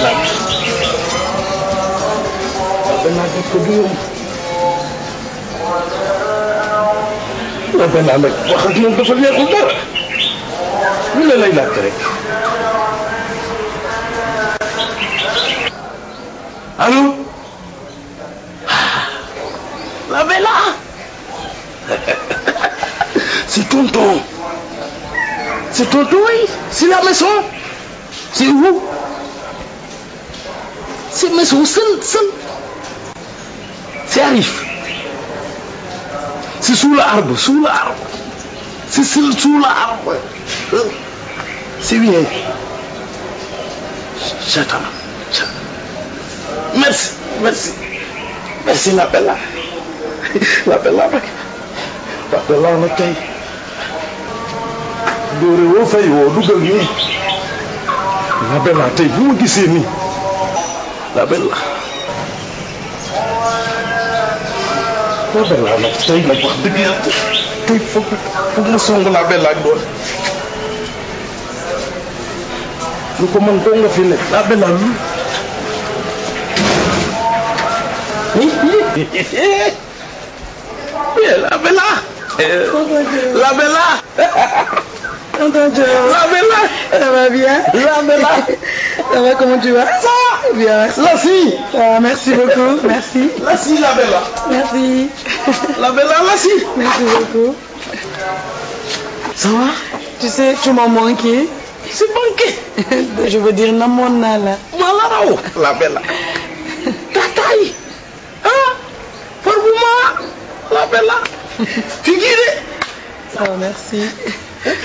que apenas on Bella me cojas y no salía a la hilatre. ¿Aló? ¡La vela! C'est tonton! C'est Tonto, oui! C'est la maison! C'est vous c'est مسه seul seul c'est Arif c'est sous l'arbre sous l'arbre c'est seul sous l'arbre c'est bien j'attends merci merci merci l'appel là l'appel là l'appel là nag tey dóore woo fay woo duggal nii l'appel là tey bu ma gisee nii لا بالله لا بالله nag tey nag wax dëgg yàlla tey foog foog ma song laa bella ak doole lu ko mën doo nga fi ne laa bella lu laa bella laa bella laa bella ça va bien laa bella ça va comment tu vas bien, merci. Ah, merci beaucoup, merci. la bella. Merci. La bella, la si. Merci beaucoup. Ça va Tu sais, tu m'as manqué. C'est manqué. Je veux dire, namona là. la bella. Tataï. taille. Hein Pour moi, la bella. Tu guides. Ça merci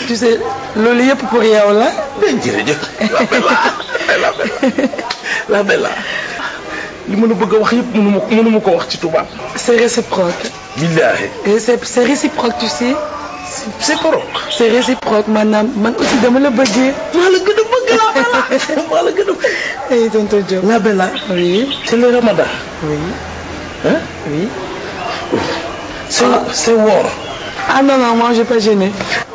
tu sais l'olé yëpp pour yow ben, la. mais jërëjëf la Bella la Bella li ma la bëgg wax yëpp mënu ma ko wax ci c'est réciproque. billaahi. c'est c'est réciproque tu sais. c'est pro. c'est réciproque madame. man aussi dama la bëggee. maa la gën a bëgg la Bella maa la ay la Bella. oui. c'est le Ramadan. oui. hein. oui. c'est c'est war. ah non non moi j'ai pas gêné.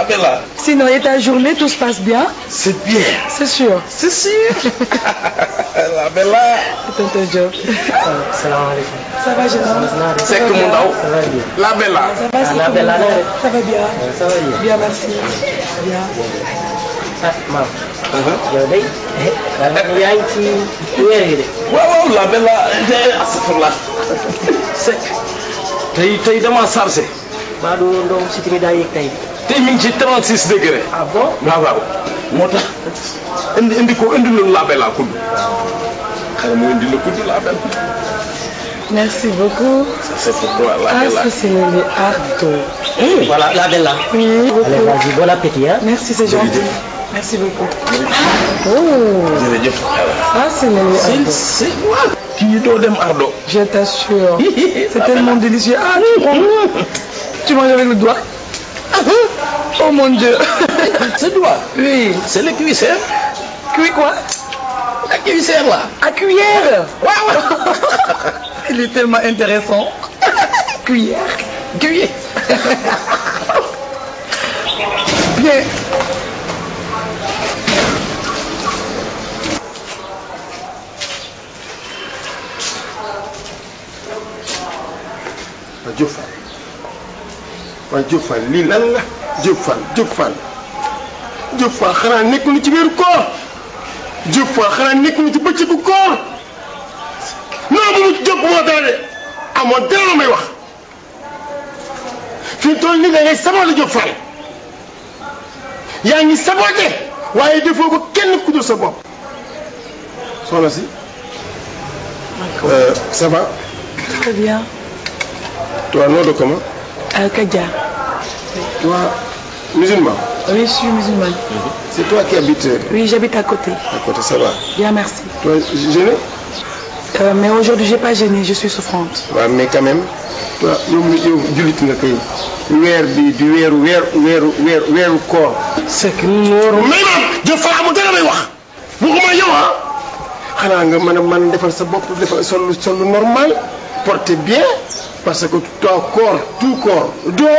taper là. Sinon, et ta journée, tout se passe bien C'est bien. C'est sûr. C'est sûr. la Bella. Tonton Diop. salaamaaleykum. ça va Général. Seck mu ndaw. la Bella. ça va la Bella. ça va bien. ça va bien. bien merci. bien. ah maam. Uh-huh. yow day. yaa ngi ci weer yi de. waaw waaw la Bella astafurlah. Seck. tey tey damaa chargé. Badoo Ndom si tamit daa yëg tey. tey 36 degrés. ah bon waaw waaw moo tax indi indi ko indi lu la bella kudd xanaa mu indi Merci beaucoup. C'est pour toi, la ah, Bella. c'est le ardo. Voilà, la Bella. Oui. Allez, vas-y, bon appétit. Hein? Merci, c'est gentil. Merci beaucoup. Oh. Ah, c'est le ardo. C'est moi. Tu dois dem ardo. Je t'assure. C'est tellement délicieux. Ah, tu prends. Tu manges avec le doigt. Ah, hein? Oh mon Dieu. C'est toi Oui. C'est le cuisseur. Cuit quoi La cuisseur là. À cuillère Waouh Il est tellement intéressant. Cuillère Cuillère Bien. Rajo Fall. Lilal Diop Fall Diop Fall xanaa nekk nu ci weeru koor Diop xanaa nekk nu ci bëccëgu koor non moomu Diop moo daale amoon dara la may wax fi mu toll nii da ngay saboté Diop Fall yaa ngi saboté waaye defoo ko kenn ku dul sa bopp. soxna si. Euh, ça va. très bien. toi nom comment. Euh, Toi, musulman Oui, je suis musulmane. Mhm. C'est toi qui habites euh, Oui, j'habite à côté. À côté, ça va Bien, merci. Toi, gêné euh, Mais aujourd'hui, je n'ai pas gêné, je suis souffrante. Ouais, mais quand même, toi, weer bi di weeru weer weeru weer weeru koor. sekk nooru. mais maam jëf faa amul dara lay wax waxuma yow ah. xanaa nga mën a mën defal sa faire defal sol normal Portez bien parce que ton corps tout corps doo.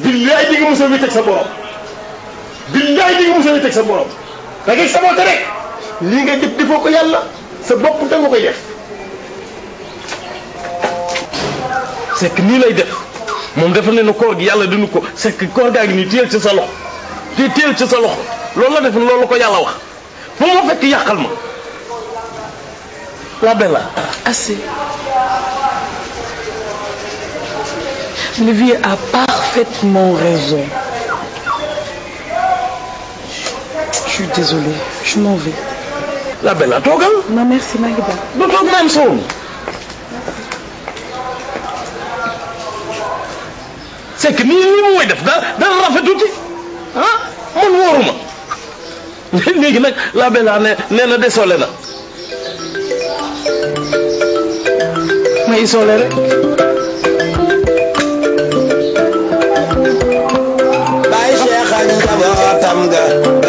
billaay di nga mos a wéet sa borom billaay di nga mos a sa borom da ngay saboote rek lii nga def defoo yàlla sa bopp da nga koy def. sekk nii lay def moom dafa ne na koor gi yàlla dinu ko sekk koor gaa ngi nii téyel ci sa loxo te téyel ci sa loxo loolu la def loolu ko yàlla wax fu ma fekk yàqal ma la bella assez le vieux mon raison. Je suis désolé, je m'en vais. La belle, à toi, hein? Non, merci, ma Donc, même son. C'est que ni moi, nous, nous, nous, nous, Mon nous, nous, nous, la belle ne nous, nous, désolé Anga